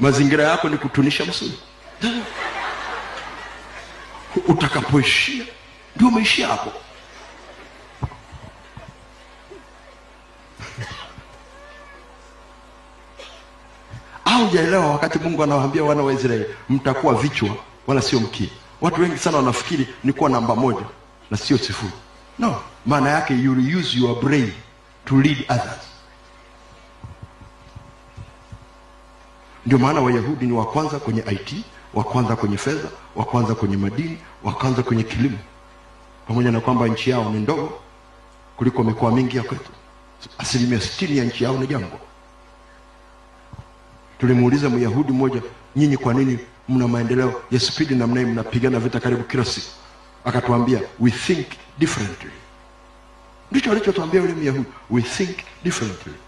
mazingira yako ni kutunisha msuli utakapoishia ndio umeishia hapo au jaelewa wakati mungu anawaambia wana wa israeli mtakuwa vichwa wala sio mkia watu wengi sana wanafikiri ni kuwa namba moja na sio sifuri no maana yake you use your brain to lead others Ndio maana Wayahudi ni wa kwanza kwenye IT, wa kwanza kwenye fedha, wa kwanza kwenye madini, wa kwanza kwenye kilimo, pamoja na kwamba nchi yao ni ndogo kuliko mikoa mingi ya kwetu. Asilimia sitini ya nchi yao ni jangwa. Tulimuuliza Myahudi mmoja, nyinyi kwa nini mna maendeleo ya spidi na mnaye mnapigana vita karibu kila siku? Akatuambia, we think differently. Ndicho alichotuambia yule Myahudi, we think differently.